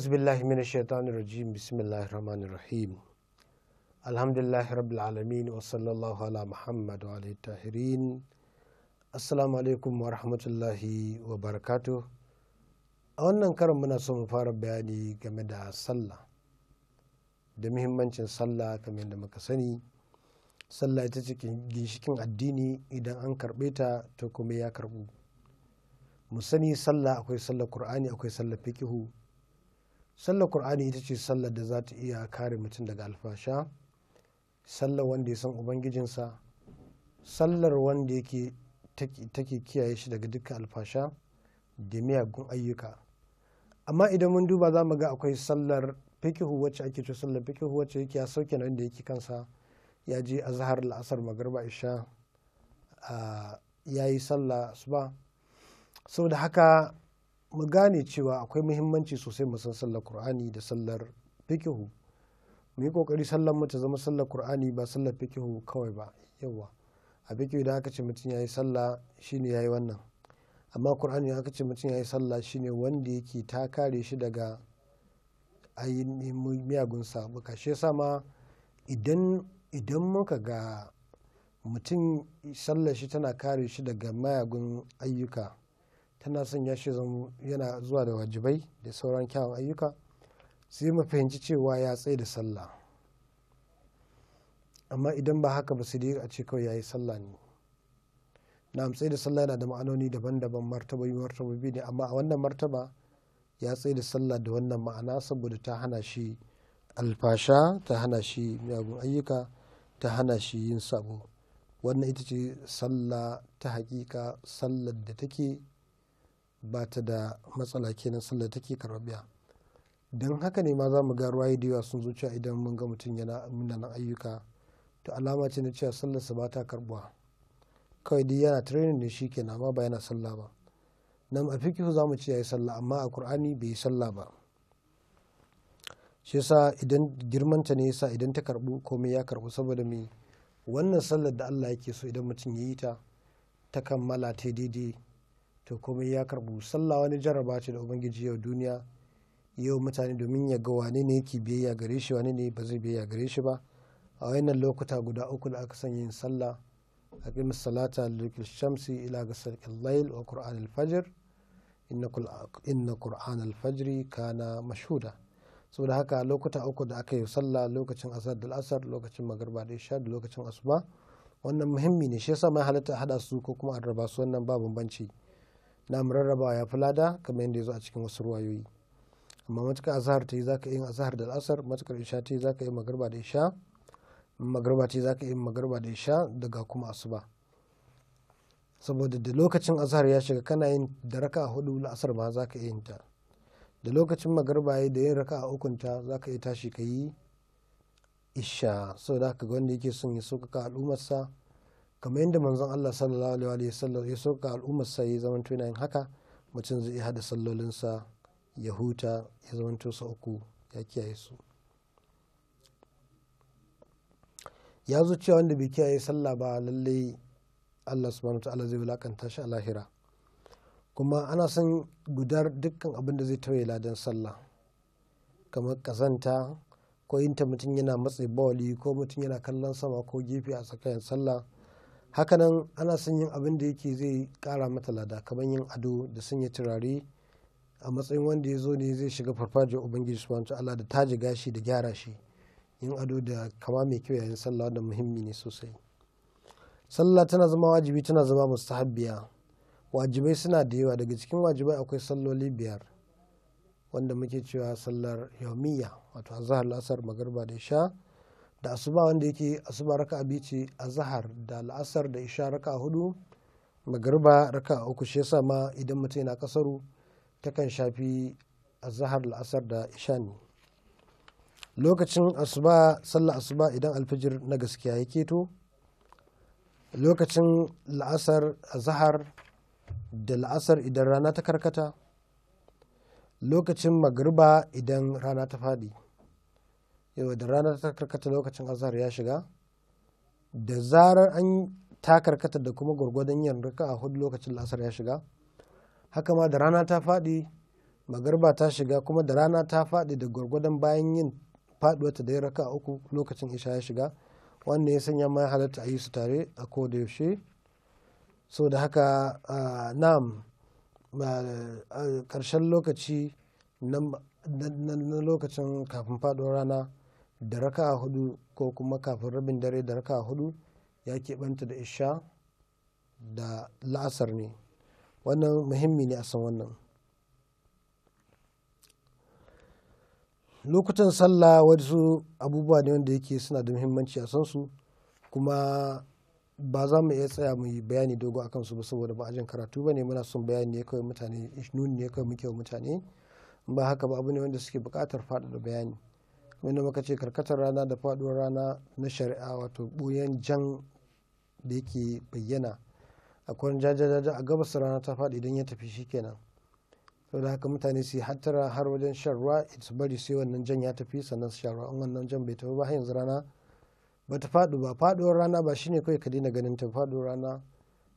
أعوذ بالله من الشيطان الرجيم بسم الله الرحمن الرحيم الحمد لله رب العالمين وصلى الله على محمد وعلى الطاهرين wa rahmatullahi wa barakatu a wannan karin muna so mu fara bayani game da sallah da muhimmancin sallah kamar yadda muka sani sallah ita ce ginshikin addini idan an karɓe ta to kuma ya karɓu mu sani sallah akwai sallah qur'ani akwai sallah fikihu sallar qur'ani ita ce sallar da za ta iya kare mutum daga alfasha sallar wanda ya san ubangijinsa sallar wanda yake take kiyaye shi daga dukkan alfasha da miyagun ayyuka amma idan mun duba za mu ga akwai sallar fikihu wacce ake ce sallar fikihu wacce yake ya sauke na da yake kansa ya je zahar la'asar magarba isha ah, ya yi sallah ba saboda haka mu gane cewa akwai muhimmanci sosai mu san sallar qur'ani da sallar fikihu mu yi kokari sallar mu ta zama sallar qur'ani ba sallar fikihu kawai ba yawa a fikihu da aka ce mutum yayi sallah shine yayi wannan amma qur'ani da aka ce mutum yayi sallah shine wanda yake ta kare shi daga ainihin miyagun sabuka shi yasa ma idan idan muka ga mutum sallar shi tana kare shi daga mayagun ayyuka tana son ya shi zama yana zuwa da wajibai da sauran kyawun ayyuka sai mu fahimci cewa ya tsaye da sallah amma idan ba haka ba sai dai a ce kawai yayi sallah ne na tsaye da sallah yana da ma'anoni daban-daban martaba yi martaba biyu ne amma a wannan martaba ya tsaye da sallah da wannan ma'ana saboda ta hana shi alfasha ta hana shi miyagun ayyuka ta hana shi yin sabo wannan ita ce sallah ta hakika sallar da take ba ta da matsala kenan sallar take karɓa don haka ne ma za mu ga ruwa da yawa sun zuciya idan mun ga mutum yana nan ayyuka to alama ce na cewa sallarsa ba ta karbuwa kawai dai yana training ne shi kenan amma ba yana sallah ba nan a fikihu za mu ce ya yi sallah amma a kur'ani bai yi sallah ba shi yasa idan girmanta ne yasa idan ta karbu komai ya karbu saboda me wannan sallar da Allah yake so idan mutum ya yi ta ta kammala ta daidai to komai ya karbu sallah wani jarraba ce da ubangiji yau duniya yau mutane domin ya ga wane ne yake biyayya gare shi wane ne ba zai biyayya gare shi ba a wayannan lokuta guda uku da aka sanya yin sallah aqim salata lil shamsi ila ghasaqil layl wa qur'an al fajr inna qur'an al kana mashhuda saboda haka lokuta uku da aka yi sallah lokacin asar da asar lokacin magarba da isha da lokacin asuba wannan muhimmi ne shi yasa mai halatta hada su ko kuma a raba su wannan ba bambanci na'am rarraba ya fi lada kamar yadda ya zo a cikin wasu ruwayoyi amma matukar azahar ta yi za ka yi azahar da al'asar matuƙar isha ta yi za ka yi magarba da isha magarba ta yi za ka yi magarba da isha daga kuma asuba saboda da lokacin azahar ya shiga kana yin da raka hudu la'asar ma za ka yi ta da lokacin magarba ya da yin raka a ukunta za ka yi tashi ka yi isha saboda haka wanda yake son ya sauƙaƙa al'ummarsa kamar yadda manzon Allah sallallahu alaihi wa sallam ya soka al'ummar sai ya zaman tuna yin haka mutum zai hada sallolin sa ya huta ya zaman sa uku ya kiyaye su ya zo cewa wanda bai kiyaye sallah ba lalle Allah subhanahu ta'ala zai wulakanta shi a lahira kuma ana son gudar dukkan abin da zai tauye ladan sallah kamar kazanta ko yin mutum yana matse bawali ko mutum yana kallon sama ko gefe a tsakanin sallah hakanan ana son yin abin da yake zai kara mata lada kamar yin ado da sanya turare a matsayin wanda ya zo ne zai shiga farfajiyar ubangiji subhanahu ta'ala da taji gashi da gyara shi yin ado da kama mai kyau yayin sallah da muhimmi ne sosai sallah tana zama wajibi tana zama mustahabbiya wajibai suna da yawa daga cikin wajibai akwai salloli biyar wanda muke cewa sallar yaumiya wato azhar la'asar magarba da isha. da asuba wanda yake asuba raka biyu ce a zahar da la'asar da isha raka hudu magariba raka uku shi yasa ma idan mutum yana kasaru takan shafi a zahar la'asar da isha ne lokacin asuba sallah asuba idan alfijir na gaskiya ya keto lokacin la'asar a zahar da la'asar idan rana ta karkata lokacin magariba idan rana ta faɗi yau da ranar ta karkata lokacin azhar ya shiga da zarar an ta karkata da kuma gwargwadon yin raka a hudu lokacin asar ya shiga haka ma da rana ta faɗi magarba ta shiga kuma da rana ta faɗi da gwargwadon bayan yin faɗuwa ta da raka uku lokacin isha ya shiga wanda ya sanya ma halatta a yi su tare a koda yaushe so da haka nam karshen lokaci na lokacin kafin faɗuwar rana da raka hudu ko kuma kafin rabin dare da raka hudu ya keɓanta da isha da la'asar ne wannan muhimmi ne a san wannan lokutan sallah wasu abubuwa ne wanda yake suna da muhimmanci a san su kuma ba za mu iya tsaya mu yi bayani dogo kan su ba saboda ba ajin karatu ba ne muna son bayani ne kawai mutane nuni ne kawai muke wa mutane ba haka ba abu ne wanda suke bukatar faɗaɗa bayani wanda muka ce karkatar rana da faduwar rana na shari'a wato buyan jan da yake bayyana akwai jajajaja a gabas rana ta faɗi idan ya tafi shi shikenan da haka mutane su hattara har wajen shan ruwa su bari sai wannan jan ya tafi sannan su shan in wannan jan bai tafi ba har yanzu rana ba ta faɗi ba faɗuwar rana ba shine kawai ka daina ganin ta faɗuwar rana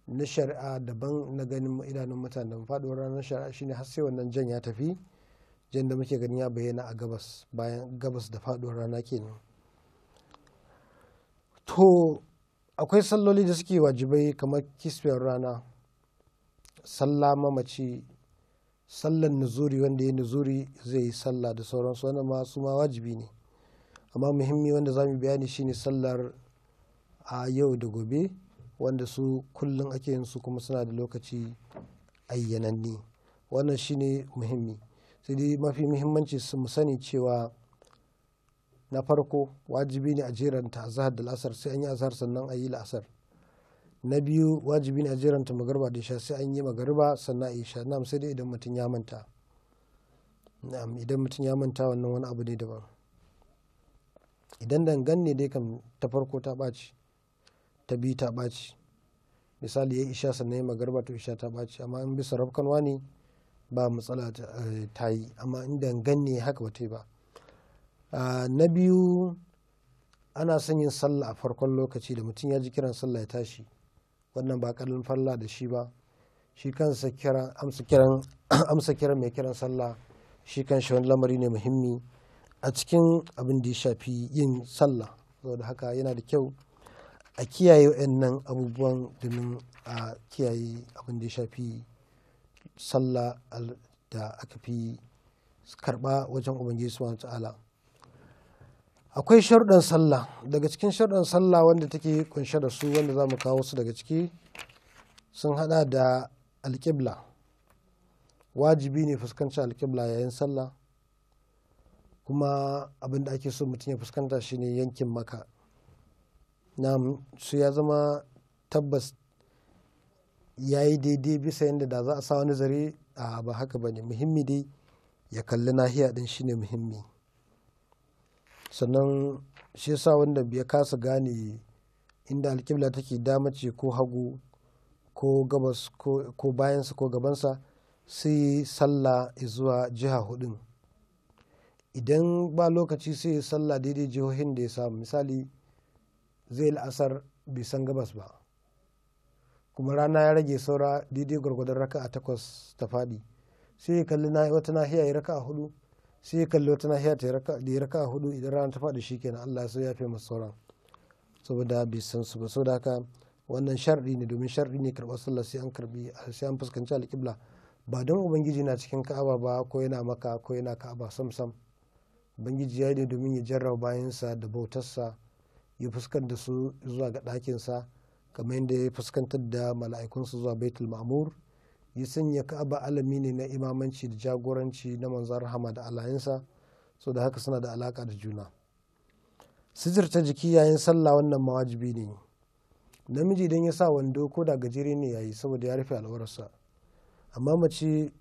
na shari'a daban na ganin idanun mutanen faɗuwar rana na shari'a shine har sai wannan jan ya tafi jan da muke gani ya bayyana a gabas bayan gabas da faduwar rana kenan to akwai salloli da suke wajibai kamar kiswiyar rana sallah mamaci sallan nuzuri wanda ya nuzuri zai yi sallah da sauransu wannan ma ma wajibi ne amma muhimmi wanda za mu bayani ne sallar a yau da gobe wanda su kullum ake yin su kuma suna da lokaci ayyananni wannan shine muhimmi sai dai mafi muhimmanci su mu sani cewa na farko wajibi ne a jeranta zahar da la'asar sai an yi azhar sannan a yi la'asar na biyu wajibi ne a jeranta magarba da isha sai an yi magarba sannan a isha na sai dai idan mutum ya manta na'am idan mutum ya manta wannan wani abu ne daban idan dangan ne dai kam ta farko ta ɓaci ta biyu ta ɓaci misali ya isha sannan ya magarba to isha ta ɓaci amma in bisa rafkanwa ne ba matsala eh, ta yi amma in dangan ne haka yi ba ah, na biyu ana son yin sallah a farkon lokaci da mutum ya ji kiran sallah ya tashi wannan ba kallon falla da shi ba shi kansa kiran amsa kiran mai kiran sallah shi kan shi wani lamari ne muhimmi a cikin abin da ya shafi yin sallah saboda haka yana da kyau a kiyaye waɗannan abubuwan domin a kiyaye abin da ya shafi sallah da aka fi karba wajen ubangiji subhanahu ta'ala akwai sharuɗan sallah daga cikin sharuɗan sallah wanda take kunshe da su wanda za mu kawo su daga ciki sun hada da alkibla wajibi ne fuskanci alkibla yayin sallah kuma abin da ake so mutum ya fuskanta shine yankin maka na su ya zama tabbas ya yi daidai bisa yadda da za a sa wani zare a ba haka ba ne muhimmi dai ya kalli nahiya din shine muhimmi sannan shi yasa wanda ya kasa gane inda alkibla take dama ce ko hagu ko gabas ko bayansa ko gabansa sai sallah zuwa jiha hudun idan ba lokaci sai sallah daidai jihohin da ya samu misali zai la'asar bai san gabas ba kuma rana ya rage saura daidai gwargwadon raka a takwas ta faɗi sai ya kalli wata nahiya ya raka hudu sai ya kalli wata nahiya ta ya raka a hudu idan rana ta faɗi shi kenan Allah sai ya fi masu sauran saboda bai san su ba da haka wannan sharɗi ne domin sharɗi ne karɓar sallah sai an karɓi sai an fuskanci alƙibla ba don ubangiji na cikin ka'aba ba ko yana maka ko yana ka'aba sam sam ubangiji ya yi ne domin ya jarraba bayansa da bautarsa ya fuskanta su zuwa ga ɗakinsa kamar yadda ya fuskantar da mala'ikunsa zuwa baitul ma'mur ya sanya ka'aba alami ne na imamanci da jagoranci na manzan rahama da alayinsa so da haka suna da alaka da juna ta jiki yayin sallah wannan mawajibi ne namiji idan ya sa wando ko da gajere ne yayi saboda ya rufe alwararsa amma mace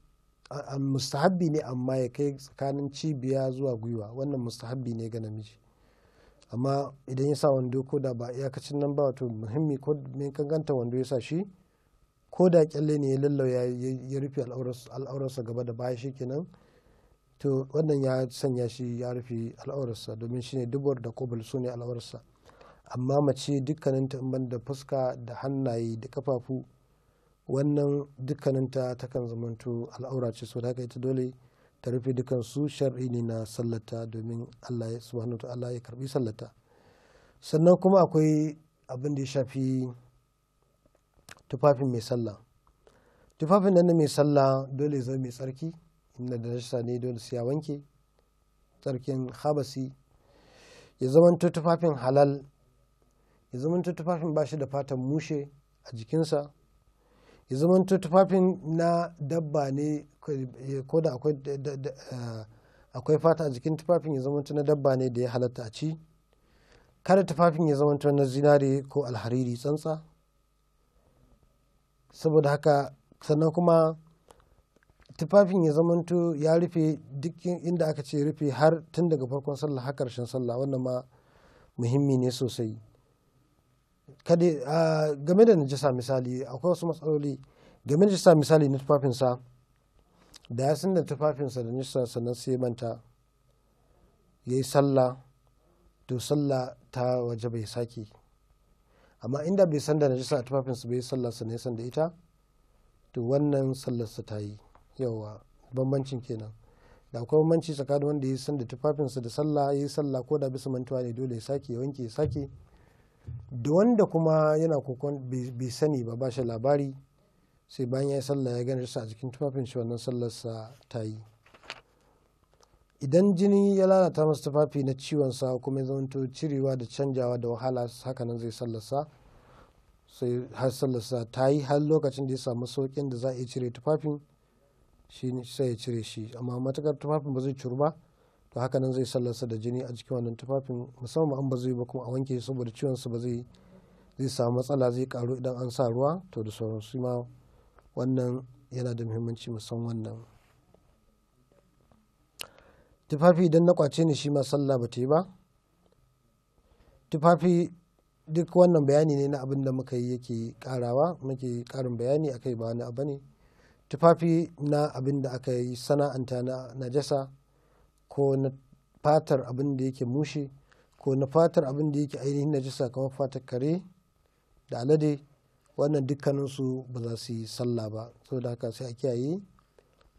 mustahabbi ne amma ya kai tsakanin cibiya zuwa gwiwa wannan mustahabbi ne ga namiji amma idan ya sa wando ko da ba iyakacin nan ba wato muhimmi ko mai kankanta wando ya sa shi ko da kyalle ne ya lallauya ya rufe al'aurarsa gaba da baya shi kenan to wannan ya sanya shi ya rufe al'aurarsa domin shine dubar da kobul sune ne al'aurarsa amma mace dukkaninta in ban da fuska da hannaye da kafafu wannan dukkaninta takan zamanto al'aura ce so da haka ita dole ta rufe dukansu shar'i ne na sallata domin Allah subhanahu ta'ala ya karbi sallata sannan kuma akwai abin da ya shafi tufafin mai sallah tufafin nan mai sallah dole zama mai tsarki inda da nashisa ne dole sai ya wanke tsarkin habasi ya zamanto tufafin halal ya zamanto tufafin ba shi da fatan mushe a jikinsa ya zamanto tufafin na dabba ne ko da akwai fata a jikin tufafin ya zaman na dabba ne da ya halatta a ci kada tufafin ya zama na zinare ko alhariri tsantsa saboda haka sannan kuma tufafin ya zamanto ya rufe duk inda aka ce rufe har tun daga farkon sallah har karshen sallah wannan ma muhimmi ne sosai kada game da najasa misali akwai wasu matsaloli game da najasa misali na tufafinsa da ya san da tufafinsa da najasa sannan sai manta ya yi sallah to sallah ta waje bai sake amma inda bai san da najasa a tufafinsa bai yi sallah sannan ya san da ita to wannan sallarsa ta yi yawa bambancin kenan da akwai bambanci tsakanin wanda ya san da tufafinsa da sallah ya yi sallah ko da bisa mantuwa ne dole ya sake ya wanke ya sake da wanda kuma yana kokon bai sani ba ba shi labari sai bayan ya yi sallah ya sa a jikin tufafin shi wannan sallarsa ta yi idan jini ya lalata masa tufafi na ciwon sa kuma ya zamanto cirewa da canjawa da wahala hakanan zai sallarsa sai har sallarsa ta yi har lokacin da ya samu saukin da za a iya cire tufafin shi sai ya cire shi amma matakar tufafin ba zai curu ba to haka nan zai sallarsa da jini a jikin wannan tufafin musamman an ba zai ba kuma a wanke saboda ciwon sa ba zai zai samu matsala zai karu idan an sa ruwa to da su ma wannan yana da muhimmanci musamman wannan tufafi idan na kwace ne shi ma sallah ba ta yi ba tufafi duk wannan bayani ne na abin da muka yi yake karawa muke karin bayani akai ba wani abu ne tufafi na abin da aka yi sana'anta na najasa ko na fatar abin da yake mushe ko na fatar abin da yake ainihin najisa kamar fatar kare da alade wannan dukkaninsu ba za su yi sallah ba saboda haka sai a kiyaye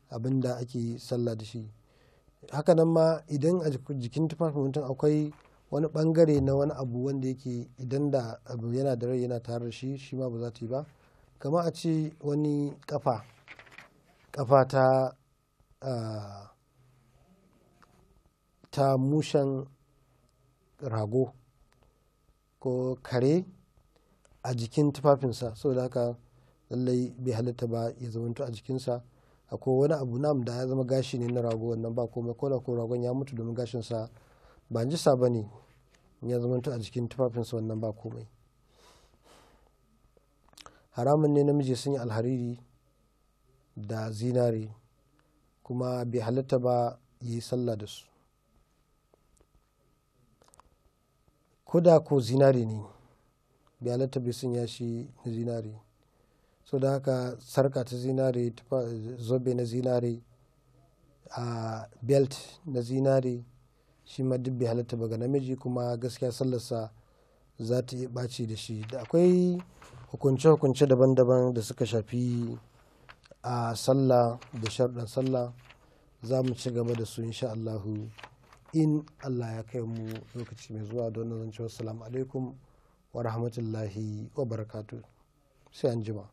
abin da ake sallah da shi hakanan ma idan a jikin tufafin mutum akwai wani bangare na wani abu wanda yake idan da abu yana da rai yana tare da shi shi ma ba za ta yi ba kama a ce wani kafa kafa ta ah, ta mushen rago ko kare a jikin tufafinsa saboda haka lallai bai halitta ba ya zamanto a jikinsa akwai wani abu nam da ya zama gashi ne na rago wannan ba komai ko da ko ragon ya mutu domin gashinsa ba sa ba ne ya zamanto a jikin tufafinsa wannan ba komai haramun ne namiji sun yi alhariri da zinari kuma bai halitta ba yi sallah da su ko da ko zinari ne bai halatta bai sun yashi na zinari so da haka sarka ta zinari zobe na zinari a belt na zinari shi ma duk bai halatta ba ga namiji kuma gaskiya sallarsa za ta yi ɓaci da shi da akwai hukunce-hukunce daban-daban da suka shafi a sallah da sharɗan sallah za mu ci gaba da su insha Allahu in allah ya kai mu lokaci mai zuwa don nan cewa salamu alaikum wa rahmatullahi wa barakatu sai an jima.